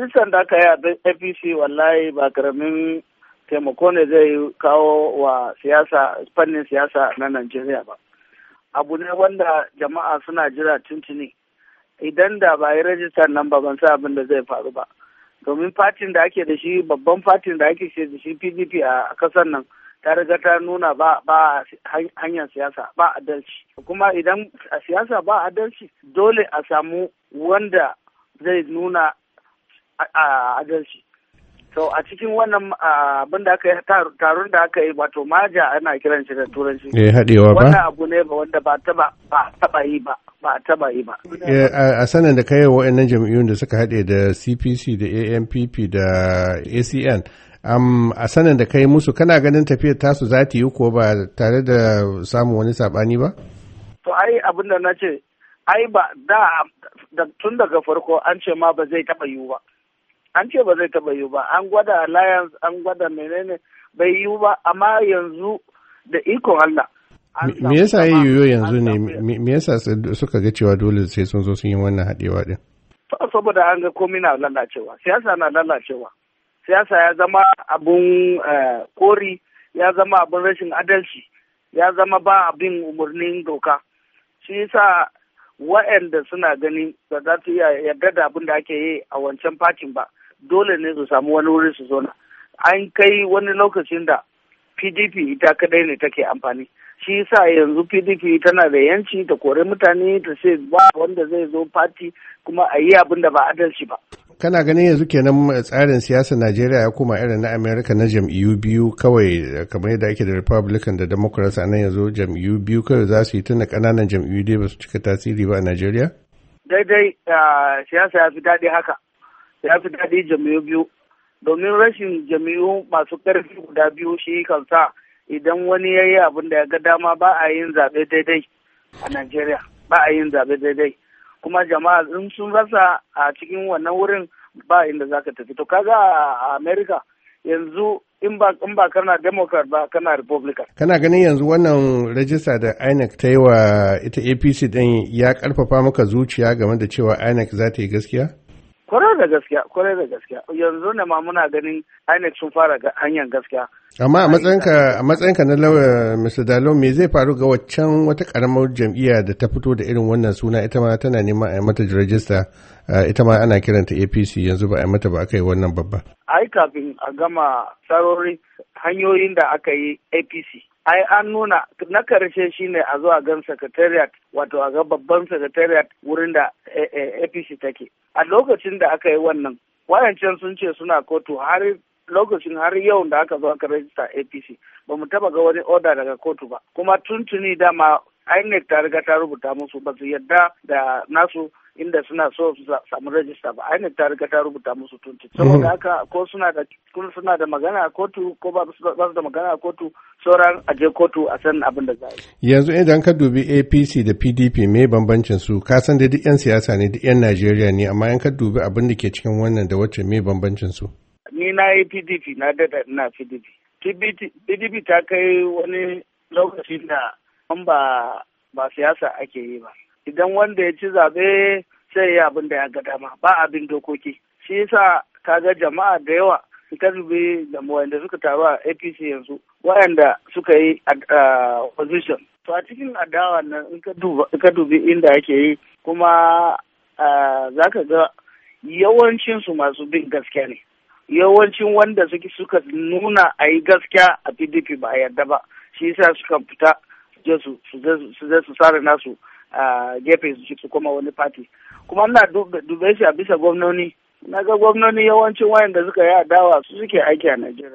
rajistan da aka yi a apc wallahi ba karamin taimako ne zai kawo wa siyasa fannin siyasa na najeriya ba abu ne wanda jama'a suna jira tuntuni idan da ba yi rajistan nan ba ban sa abin da zai faru ba domin fatin da ake da shi babban fatin da ake da shi pdp a kasar nan ta riga ta nuna ba ba hanyar siyasa ba adalci kuma idan a siyasa ba adalci dole a samu wanda zai nuna adalci to a cikin wannan abin da aka yi taron da aka yi wato maja ana kiran shi da turanci eh haɗewa ba wannan abu ne ba wanda ba taba ba taba yi ba ba taba yi ba eh, a sanin da kai wa'annan jam'iyyun da suka haɗe da CPC da AMPP da ACN um, a sanin da kai musu kana ganin tafiyar tasu za ta yi ko ba tare da samun wani saɓani ba to ai abin da na ce ai ba da tun daga farko an ce ma ba zai taba yiwu ba an ce ba zai taba yiwu ba an gwada alliance an gwada menene bai yiwu ba amma yanzu da ikon Allah me yasa ya yiwu yanzu ne me yasa suka ga cewa dole sai sun zo sun yi wannan haɗewa din saboda an ga komai na lalacewa siyasa na lalacewa siyasa ya zama abun eh, kori ya zama abun rashin adalci ya zama ba abin umarnin doka shi yasa wa'anda suna gani ba za su iya yarda da abin da ake yi a wancan fatin ba dole ne su samu wani wuri su zauna an kai wani lokacin da pdp ita kadai ne take amfani shi yasa yanzu pdp tana da yanci ta kore mutane ta ce ba wanda zai zo fati kuma a yi abin da ba adalci ba kana ganin yanzu kenan tsarin siyasar najeriya ya koma irin na america na jam'iyyu biyu kawai kamar yadda ake da republican da democrats a yanzu jam'iyyu biyu kawai za su yi tunda kananan jam'iyyu dai ba su cika tasiri ba a najeriya daidai ah, siyasa ya fi daɗi haka ya fi daɗi jami'u biyu domin rashin jami'u masu ƙarfi guda biyu shi kan sa idan wani ya yi abin da ya ga dama ba a yin zaɓe daidai a Najeriya ba a yin zaɓe daidai kuma jama'a in sun rasa a cikin wannan wurin ba inda za ka tafi to kaga a America yanzu in ba in ba kana democrat ba kana republican kana ganin yanzu wannan rajista da INEC ta yi wa ita APC din ya karfafa maka zuciya game da cewa INEC za ta yi gaskiya kwarai da gaskiya kwarai da gaskiya yanzu ne ma muna ganin INEC sun fara hanyar gaskiya amma a matsayinka a na lauya Mr. Dalo me zai faru ga waccan wata karamar jam'iyya da ta fito da irin wannan suna ita ma tana neman a yi mata rajista Eh, ita ma ana kiranta apc yanzu ba a mata ba aka yi wannan babba ai kafin a gama sarori hanyoyin da aka yi apc ai an nuna na karshe shine a zo a gan secretariat wato a ga babban secretariat wurin da eh, eh, apc take a lokacin da aka yi wannan wayancan sun ce suna kotu har lokacin har yau da aka zo aka rajista apc ba mu taba ga wani oda daga kotu ba kuma tuntuni dama inec ta riga ta rubuta musu ba su yadda da nasu inda suna so su samu rajista ba ainihin ta riga ta rubuta musu tunti saboda mm-hmm. haka ko suna da suna da magana a kotu ko ba su da magana a kotu sauran a je kotu a san abin da za yi yanzu idan ka dubi APC da PDP me bambancin su ka san da duk yan siyasa ne duk yan Najeriya ne amma in ka dubi abin da ke cikin wannan da wacce me bambancin su ni na yi PDP na dada na PDP PDP ta kai wani lokacin da ba ba siyasa ake yi ba idan wanda ya ci zaɓe sai ya abin da ya ga dama ba abin dokoki shi yasa kaga jama'a da yawa ka dubi da wanda suka taru a apc yanzu wayanda suka yi opposition to a cikin adawa nan in ka dubi inda ake yi kuma za ka ga yawancin su masu bin gaskiya ne yawancin wanda suka nuna a yi gaskiya a pdp ba a yarda ba shi yasa suka fita su je su sare nasu a gefe su koma wani party kuma ina dube shi a bisa gwamnoni na ga gwamnoni yawancin wayanda suka yi adawa su suke aiki a Najeriya